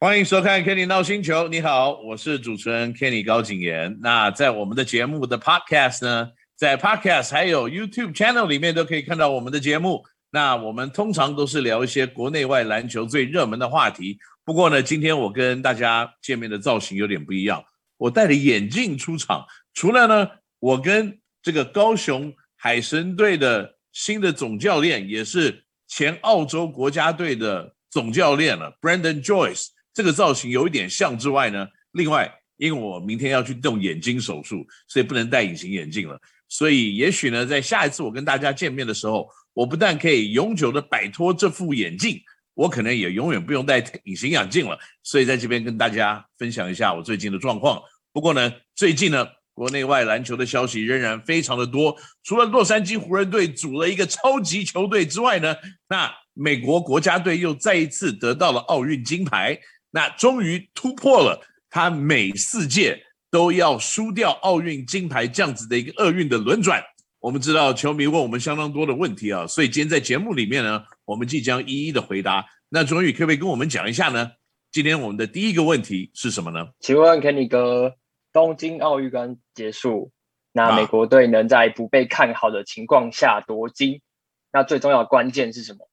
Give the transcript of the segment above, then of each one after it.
歡迎收看《Kenny NOW 星球》。你好，我是主持人 Kenny 高景炎。那在我們的節目的 Podcast 呢，在 Podcast 還有 YouTube Channel 裡面都可以看到我們的節目。那我們通常都是聊一些國內外籃球最熱門的話題。不過呢，今天我跟大家見面的造型有點不一樣，我戴着眼鏡出場。除了呢，我跟這個高雄海神隊的新的總教練，也是前澳洲國家隊的總教練了，Brendan Joyce。這個造型有一點像之外呢，另外，因為我明天要去動眼睛手術，所以不能戴隱形眼鏡了。所以，也許呢，在下一次我跟大家見面的時候，我不但可以永久的擺脫這副眼鏡，我可能也永遠不用戴隱形眼鏡了。所以，在這邊跟大家分享一下我最近的狀況。不過呢，最近呢，國內外籃球的消息仍然非常的多。除了洛杉磯湖人隊組了一個超級球隊之外呢，那美國國家隊又再一次得到了奧運金牌。那終於突破了，他每四屆都要輸掉奧運金牌這樣子的一個厄運的輪轉。我們知道球迷問我們相當多的問題啊，所以今天在節目裡面呢，我們即將一一的回答。那終於可不可以跟我們講一下呢？今天我們的第一個問題是什麼呢？請問肯尼哥，東京奧運剛結束，那美國隊能在不被看好的情況下奪金，那最重要關鍵是什麼？啊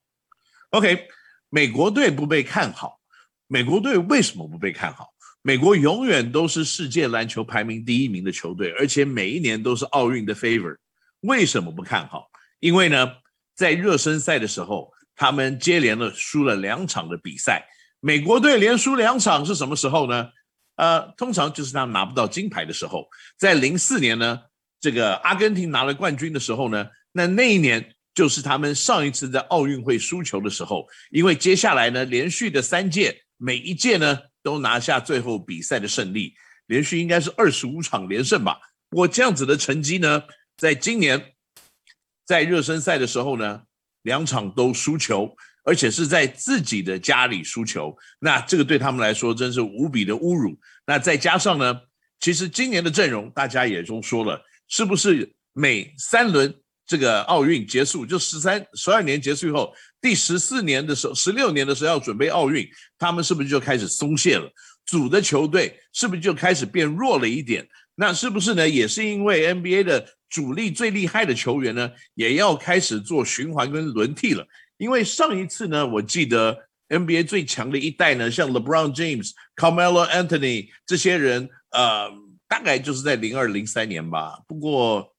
？OK，美國隊不被看好。美國隊為什麼不被看好？美國永遠都是世界籃球排名第一名的球隊，而且每一年都是奧運的 favor。為什麼不看好？因為呢，在熱身賽的時候，他們接連的輸了兩場的比賽。美國隊連輸兩場是什麼時候呢？呃，通常就是他們拿不到金牌的時候。在零四年呢，這個阿根廷拿了冠軍的時候呢，那那一年就是他們上一次在奧運會輸球的時候。因為接下來呢，連續的三屆。每一屆呢都拿下最後比賽的勝利，連續應該是二十五場連勝吧。我這樣子的成績呢，在今年在熱身賽的時候呢，兩場都輸球，而且是在自己的家裡輸球。那這個對他們來說真是無比的侮辱。那再加上呢，其實今年的陣容大家也都說了，是不是每三輪？這個奧運結束就十三十二年結束以後，第十四年的時候，十六年的時候要準備奧運，他們是不是就開始鬆懈了？組的球隊是不是就開始變弱了一點？那是不是呢？也是因為 NBA 的主力最厲害的球員呢，也要開始做循環跟輪替了。因為上一次呢，我記得 NBA 最強的一代呢，像 LeBron James、Carmelo Anthony 這些人，呃，大概就是在零二零三年吧。不過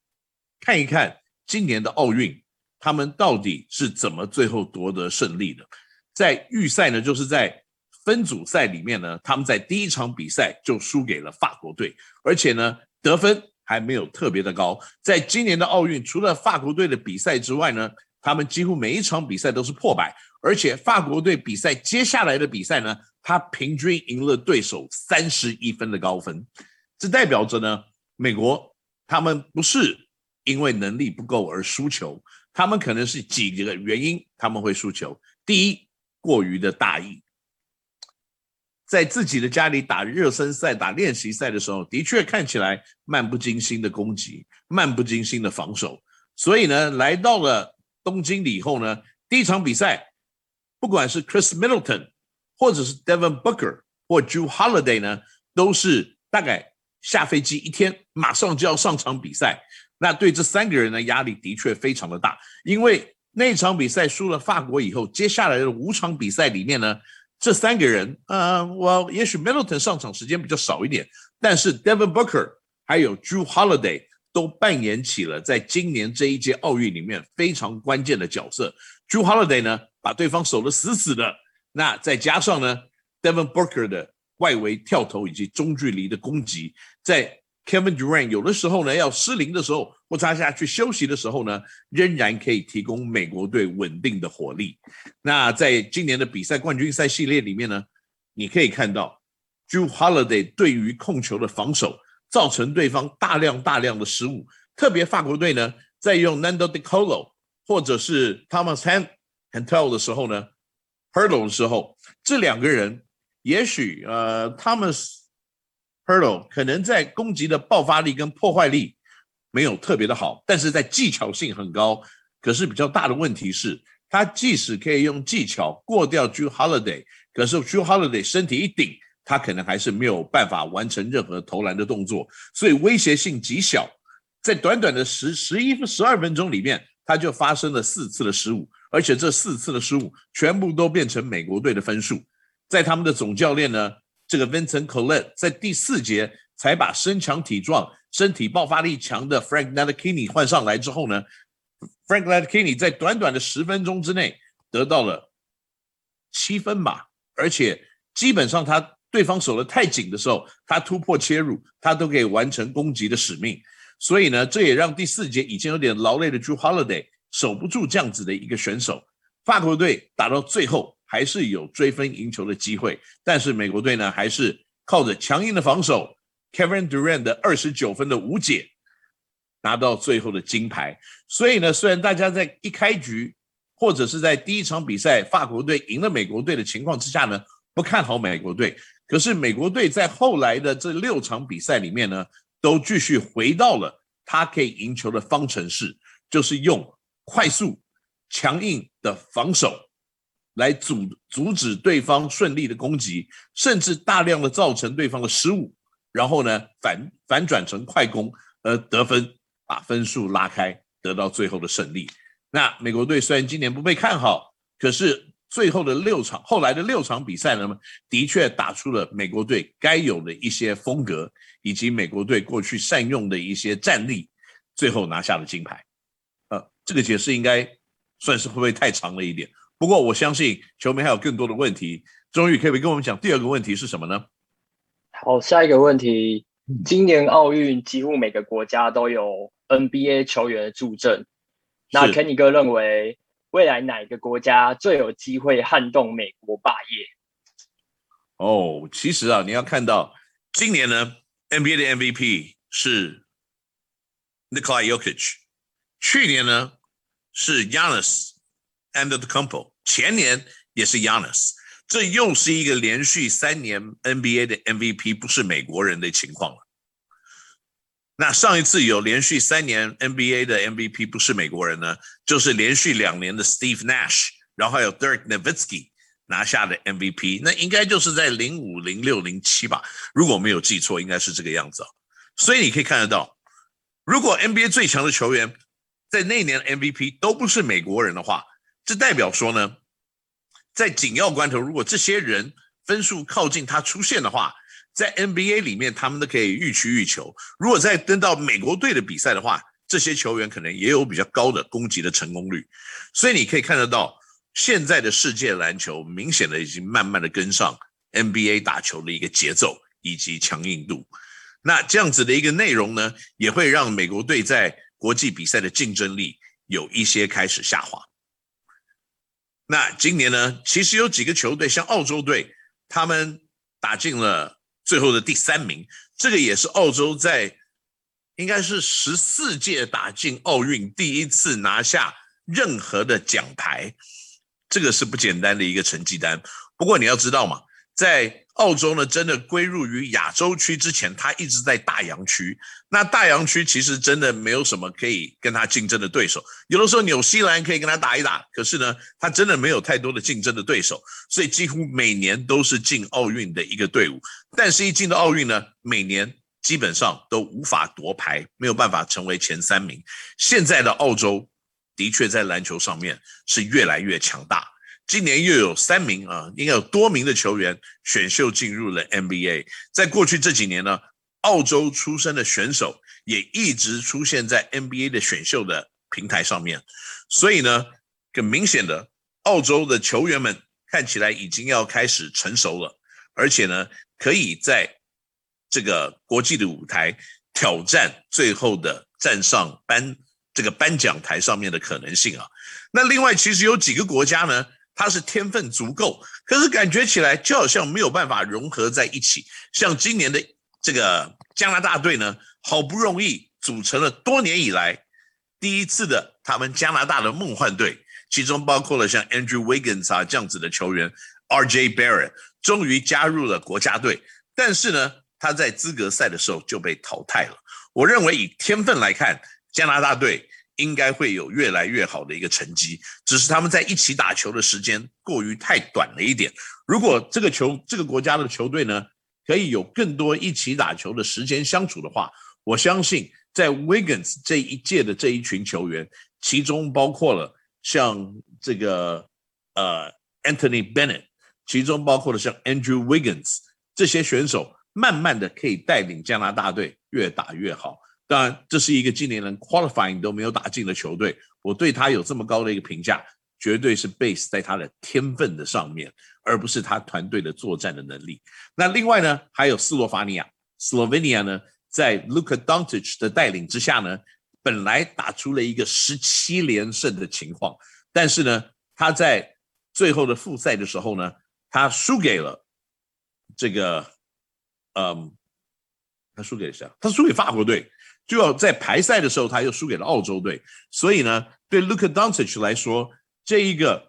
看一看。今年的奧運，他們到底是怎麼最後奪得勝利的？在預賽呢，就是在分組賽裡面呢，他們在第一場比賽就輸給了法國隊，而且呢得分還沒有特別的高。在今年的奧運，除了法國隊的比賽之外呢，他們幾乎每一場比賽都是破百，而且法國隊比賽接下來的比賽呢，他平均贏了對手31分的高分，這代表着呢，美國他們不是。因為能力不夠而輸球，他們可能是幾個原因，他們會輸球。第一，過於的大意，在自己的家裡打熱身賽、打練習賽的時候，的確看起來漫不經心的攻擊，漫不經心的防守。所以呢，來到了東京以後呢，第一場比賽，不管是 Chris Middleton 或者是 Devin Booker 或 Jrue Holiday 呢，都是大概下飛機一天，馬上就要上場比賽。那對這三個人呢，壓力的確非常的大，因為那場比賽輸了法國以後，接下來的五場比賽裡面呢，這三個人，呃，我也許 Middleton 上場時間比較少一點，但是 Devin Booker 還有 Drew Holiday 都扮演起了在今年這一屆奧運裡面非常關鍵的角色。Drew Holiday 呢，把對方守得死死的，那再加上呢 Devin Booker 的外圍跳投以及中距離的攻擊，在 Kevin Durant 有的時候呢，要失靈的時候，或他下去休息的時候呢，仍然可以提供美國隊穩定的火力。那在今年的比賽冠軍賽系列裡面呢，你可以看到 Jrue Holiday 對於控球的防守，造成對方大量大量的失誤。特別法國隊呢，在用 Nando De Colo 或者是 Thomas Hen Heurtel 的時候呢 Heurtel 的時候，這兩個人也許呃，他們 Hurdle 可能在攻擊的爆發力跟破壞力沒有特別的好，但是在技巧性很高。可是比較大的問題是，他即使可以用技巧過掉 Jrue Holiday，可是 Jrue Holiday 身體一頂，他可能還是沒有辦法完成任何投籃的動作，所以威脅性極小。在短短的十十一分十二分鐘裡面，他就發生了四次的失誤，而且這四次的失誤全部都變成美國隊的分數。在他們的總教練呢，這個 Vincent Collet 在第四節才把身強體壯、身體爆發力強的 Frank Ntilikina 換上來之後呢，Frank Ntilikina 在短短的十分鐘之內得到了七分嘛，而且基本上他對方守得太緊的時候，他突破切入，他都可以完成攻擊的使命。所以呢，這也讓第四節已經有點勞累的 Jrue Holiday 守不住這樣子的一個選手，法國隊打到最後。還是有追分贏球的機會，但是美國隊呢，還是靠着強硬的防守，Kevin Durant 的二十九分的無解，拿到最後的金牌。所以呢，雖然大家在一開局或者是在第一場比賽法國隊贏了美國隊的情況之下呢，不看好美國隊，可是美國隊在後來的這六場比賽裡面呢，都繼續回到了他可以贏球的方程式，就是用快速、強硬的防守。來阻阻止對方順利的攻擊，甚至大量的造成對方的失誤，然後呢，反反轉成快攻，呃，得分，把分數拉開，得到最後的勝利。那美國隊雖然今年不被看好，可是最後的六場，後來的六場比賽呢，的確打出了美國隊該有的一些風格，以及美國隊過去善用的一些戰力，最後拿下了金牌。呃，這個解釋應該算是會不會太長了一點？不過我相信球迷還有更多的問題，終於可以跟我們講第二個問題是什麼呢？好，下一個問題，今年奧運幾乎每個國家都有 NBA 球員的助陣，是那肯尼哥認為未來哪一個國家最有機會撼動美國霸業？哦，其實啊，你要看到今年呢，NBA 的 MVP 是 Nikola Jokic，去年呢是 Giannis。And the couple 前年也是 Giannis，這又是一個連續三年 NBA 的 MVP 不是美國人的情況了。那上一次有連續三年 NBA 的 MVP 不是美國人呢？就是連續兩年的 Steve Nash，然後還有 Dirk Nowitzki 拿下的 MVP，那應該就是在零五、零六、零七吧？如果沒有記錯，應該是這個樣子。所以你可以看得到，如果 NBA 最強的球員在那年 MVP 都不是美國人的話。這代表說呢，在緊要關頭，如果這些人分數靠近他出線的話，在 NBA 裡面，他們都可以予取予求。如果再登到美國隊的比賽的話，這些球員可能也有比較高的攻擊的成功率。所以你可以看得到，現在的世界籃球明顯的已經慢慢的跟上 NBA 打球的一個節奏以及強硬度。那這樣子的一個內容呢，也會讓美國隊在國際比賽的競爭力有一些開始下滑。那今年呢？其實有幾個球隊，像澳洲隊，他們打進了最後的第三名。這個也是澳洲在應該是十四屆打進奧運第一次拿下任何的獎牌，這個是不簡單的一個成績單。不過你要知道嘛。在澳洲呢，真的歸入於亞洲區之前，它一直在大洋區。那大洋區其實真的沒有什麼可以跟它競爭的對手。有的時候紐西蘭可以跟它打一打，可是呢，它真的沒有太多的競爭的對手，所以幾乎每年都是進奧運的一個隊伍。但是，一進到奧運呢，每年基本上都無法奪牌，沒有辦法成為前三名。現在的澳洲的確在籃球上面是越來越強大。今年又有三名啊，應該有多名的球員選秀進入了 NBA。在過去這幾年呢，澳洲出身的選手也一直出現在 NBA 的選秀的平台上面。所以呢，很明顯的，澳洲的球員們看起來已經要開始成熟了，而且呢，可以在這個國際的舞台挑戰最後的站上頒這個頒獎台上面的可能性啊。那另外其實有幾個國家呢？他是天分足夠，可是感覺起來就好像沒有辦法融合在一起。像今年的這個加拿大隊呢，好不容易組成了多年以來第一次的他們加拿大的夢幻隊，其中包括了像 Andrew Wiggins 啊這樣子的球員，RJ Barrett 終於加入了國家隊，但是呢，他在資格賽的時候就被淘汰了。我認為以天分來看，加拿大隊，應該會有越來越好的一個成績，只是他們在一起打球的時間過於太短了一點。如果這個球這個國家的球隊呢，可以有更多一起打球的時間相處的話，我相信在 Wiggins 這一屆的這一群球員，其中包括了像這個呃 Anthony Bennett，其中包括了像 Andrew Wiggins 這些選手，慢慢的可以帶領加拿大隊越打越好。當然，這是一個今年連 qualifying 都沒有打進的球隊，我對他有這麼高的一個評價，絕對是 base 在他的天分的上面，而不是他團隊的作戰的能力。那另外呢，還有斯洛伐尼亞 Slovenia 呢，在 Luka Doncic 的帶領之下呢，本來打出了一個十七連勝的情況，但是呢，他在最後的複賽的時候呢，他輸給了這個，嗯，他輸給了誰？他輸給法國隊。就要在排賽的時候，他又輸給了澳洲隊。所以呢，對 Luka Doncic 來說，這一個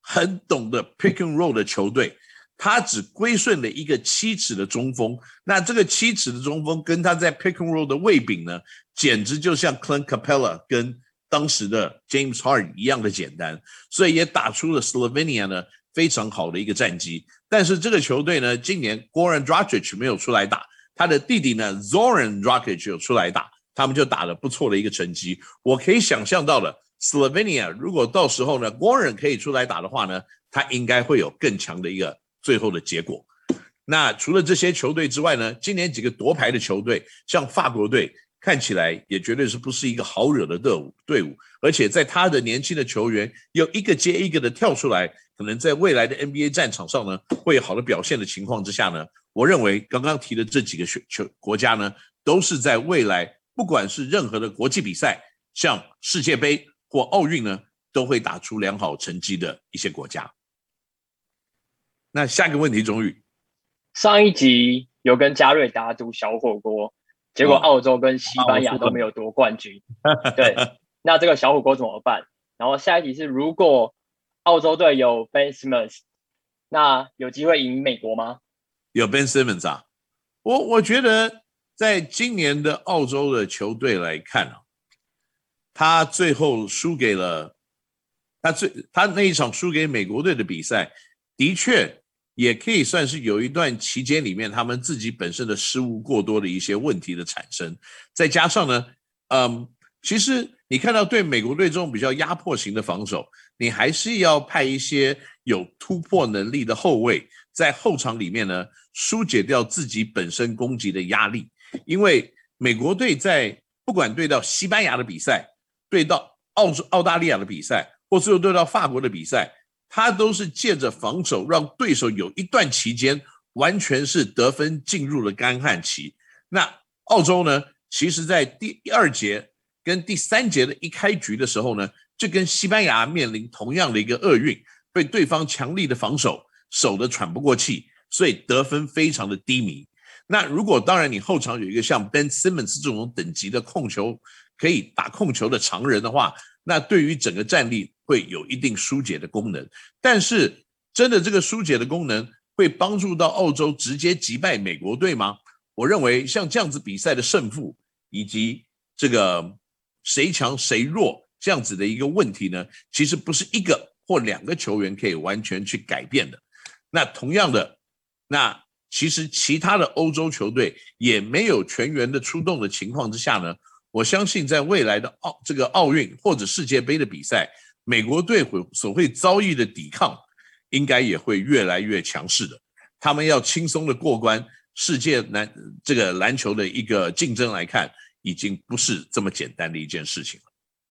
很懂得 pick and roll 的球隊，他只歸順了一個七尺的中鋒。那這個七尺的中鋒跟他在 pick and roll 的位柄呢，簡直就像 Clint Capela 跟當時的 James Harden 一樣的簡單。所以也打出了 Slovenia 呢非常好的一個戰績。但是這個球隊呢，今年 Goran Dragic 沒有出來打。他的弟弟呢，Zoran Rocket 就出來打，他們就打了不錯的一個成績。我可以想象到了，Slovenia 如果到時候呢，Goran 可以出來打的話呢，他應該會有更強的一個最後的結果。那除了這些球隊之外呢，今年幾個奪牌的球隊，像法國隊。看起來也絕對是不是一個好惹的隊伍，隊伍，而且在他的年輕的球員又一個接一個的跳出來，可能在未來的 NBA 戰場上呢，會有好的表現的情況之下呢，我認為剛剛提的這幾個球國家呢，都是在未來，不管是任何的國際比賽，像世界杯或奧運呢，都會打出良好成績的一些國家。那下一個問題，終於，上一集有跟嘉瑞打賭小火鍋。結果澳洲跟西班牙都沒有奪冠軍。哦、啊、對， 那這個小火鍋怎麼辦？然後下一題是：如果澳洲隊有 Ben Simmons 那有機會贏美國嗎？有 Ben Simmons 啊，我我覺得，在今年的澳洲的球隊來看啊，他最後輸給了他最他那一場輸給美國隊的比賽，的確。也可以算是有一段期間裡面，他們自己本身的失誤過多的一些問題的產生，再加上呢，嗯，其實你看到對美國隊這種比較壓迫型的防守，你還是要派一些有突破能力的後衛在後場裡面呢，疏解掉自己本身攻擊的壓力，因為美國隊在不管對到西班牙的比賽，對到澳澳大利亞的比賽，或是對到法國的比賽。他都是借着防守，讓對手有一段期間完全是得分進入了乾旱期。那澳洲呢，其實，在第第二節跟第三節的一開局的時候呢，就跟西班牙面臨同樣的一個厄運，被對方強力的防守守得喘不過氣，所以得分非常的低迷。那如果當然你後場有一個像 Ben Simmons 這種等級的控球，可以打控球的長人的話。那對於整個戰力會有一定疏解的功能，但是真的這個疏解的功能會幫助到澳洲直接擊敗美國隊嗎？我認為像這樣子比賽的勝負，以及這個誰強誰弱這樣子的一個問題呢，其實不是一個或兩個球員可以完全去改變的。那同樣的，那其實其他的歐洲球隊也沒有全員的出動的情況之下呢。我相信，在未來的奧這個奧運或者世界盃的比賽，美國隊會所會遭遇的抵抗，應該也會越來越強勢的。他們要輕鬆的過關，世界籃這個籃球的一個競爭來看，已經不是這麼簡單的一件事情了。